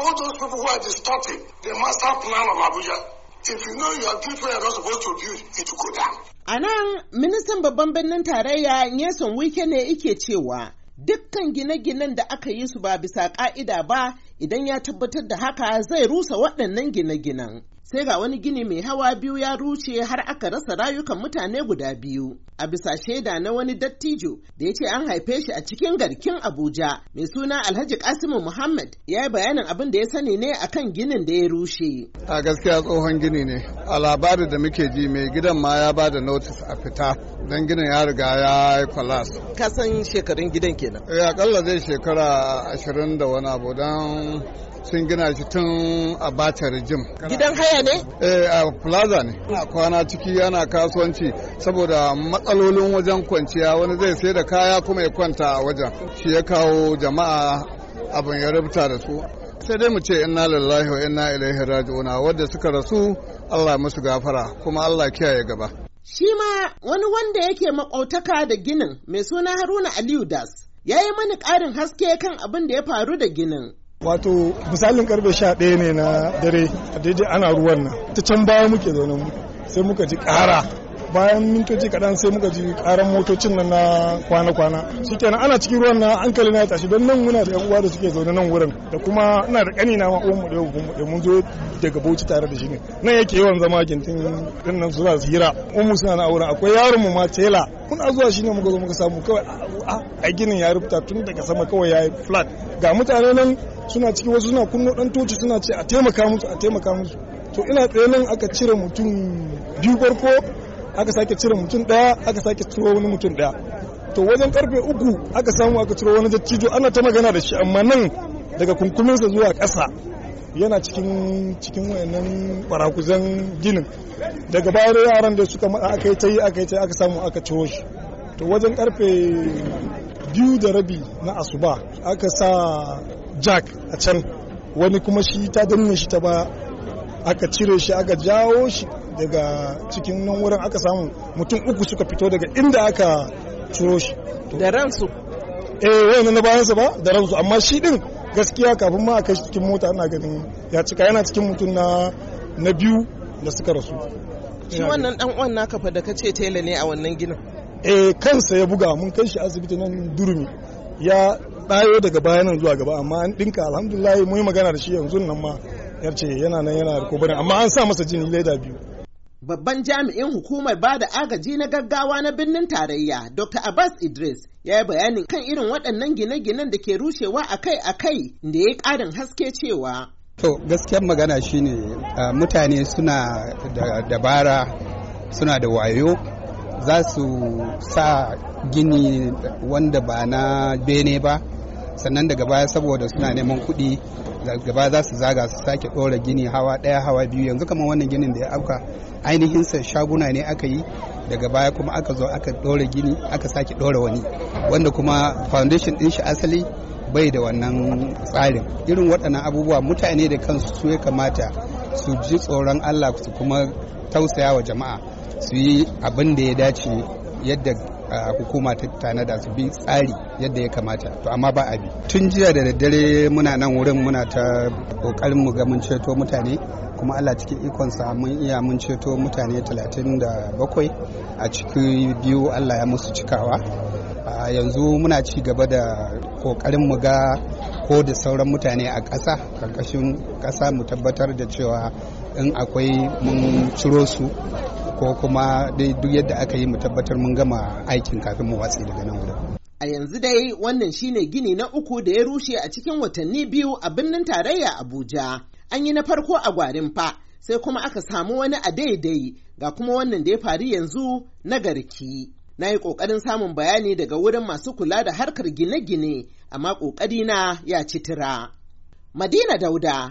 all those people who are distorting the master plan of Abuja. If you know your people are not supposed to build, it will go down. A nan, ministan babban birnin tarayya Nyesom Wike ne ike cewa dukkan gine-ginen da aka yi su ba bisa ƙa'ida ba idan ya tabbatar da haka zai rusa waɗannan gine-ginen. sai ga wani gini mai hawa biyu ya ruce har aka rasa rayukan mutane guda biyu a bisa shaida na wani dattijo da ya ce an haife shi a cikin garkin abuja mai suna alhaji kasimu muhammad ya yi bayanin abin da ya sani ne akan ginin da ya rushe a gaskiya tsohon gini ne a labarin da muke ji mai gidan ma ya ba da notis a fita don ginin ya riga ya yi kwalas san shekarun gidan kenan ya eh, akalla zai shekara ashirin da wani abu don sun gina shi tun a bata jim gidan haya ne? Eh a plaza ne. Ana kwana ciki ana kasuwanci saboda matsalolin wajen kwanciya wani zai sai da kaya kuma ya kwanta a wajen. Shi ya kawo jama'a abin ya rubuta da su. sai dai mu ce inna lillahi wa inna ilaihi raji'una wadda suka rasu Allah musu gafara kuma Allah kiyaye gaba shi ma wani wanda yake makautaka da ginin mai suna Haruna Aliyu Das ya yi mani ƙarin haske kan abin da ya faru da ginin wato misalin karfe sha ɗaya ne na dare daidai ana ruwan nan ta can baya muke zaune sai muka ji ƙara bayan mintoci kaɗan sai muka ji karan motocin nan na kwana-kwana shikenan ana cikin ruwan na hankali na tashi don nan muna da yan uwa da suke zaune nan wurin da kuma ina da ƙani na ma uwan mu da yau mun zo daga Bauchi tare da shi ne nan yake yawan zama gintin din nan suna hira umu suna na auren akwai yaron mu ma tela muna zuwa shi ne muka zo muka samu kawai a ginin ya rubuta tun daga sama kawai ya yi flat ga mutane nan suna ciki wasu suna kunno dan toci suna ce a taimaka musu a taimaka musu to ina tsaye nan aka cire mutum biyu farko aka sake cire mutum daya aka sake ciro wani mutum daya to wajen karfe uku aka samu aka ciro wani dattijo ana ta magana da shi amma nan daga kunkuminsa zuwa ƙasa yana cikin cikin wayannan barakuzan ginin daga bayan yaran da suka mada aka yi ta yi aka yi ta aka samu aka ciro shi to wajen karfe biyu da rabi na asuba aka sa jack a can wani kuma shi ta danne shi ta ba aka cire shi aka jawo shi daga cikin nan wurin aka samu mutum uku suka fito daga inda aka ciro shi da ransu eh wani na bayansa ba da ransu amma shi din gaskiya kafin ma a kai cikin mota ana ganin ya cika yana cikin mutum na na biyu da suka rasu shi wannan dan uwan naka fa da kace tela ne a wannan ginin eh kansa ya buga mun kai shi asibiti nan durumi ya ɗayo daga nan zuwa gaba amma an dinka alhamdulillah mun yi magana da shi yanzu nan ma yarce yana nan yana da kobarin amma an sa masa jini leda biyu babban jami'in hukumar ba da agaji na gaggawa na birnin tarayya dr abbas idris ya yi bayanin kan irin waɗannan gine-ginen da ke rushewa akai-akai da ya ƙarin haske cewa to gaskiyar magana shine mutane suna da dabara suna da wayo za su sa gini wanda ba na bene ba sannan daga baya saboda suna neman kuɗi daga baya za su zaga su sake ɗora gini hawa ɗaya hawa biyu yanzu kamar wannan ginin da ya auka ainihin sa shaguna ne aka yi daga baya kuma aka zo aka ɗora gini aka sake ɗora wani wanda kuma foundation ɗin shi asali bai da wannan tsarin irin waɗannan abubuwa mutane da kansu su ya kamata su ji tsoron allah su kuma tausaya wa jama'a su yi abin da ya dace yadda hukuma ta da su bi tsari yadda ya kamata to amma ba a bi tun jiya da daddare muna nan wurin muna ta kokarin mu ga mun ceto mutane kuma Allah cikin ikonsa mun iya mun ceto mutane 37 a cikin biyu Allah ya musu cikawa a yanzu muna ci gaba da kokarin mu ga ko da sauran mutane a ƙasa ƙarƙashin ƙasa mu tabbatar da cewa in akwai mun ciro su ko kuma duk yadda aka yi mu tabbatar mun gama aikin kafin mu watsi daga nan wurin. A yanzu dai wannan shine gini na uku da ya rushe a cikin watanni biyu a birnin tarayya Abuja. An yi na farko a gwarin fa sai kuma aka samu wani a daidai ga kuma wannan da ya faru yanzu na garki. Na yi ƙoƙarin samun bayani daga wurin masu kula da harkar gine-gine amma na ya ci tira. Madina Dauda,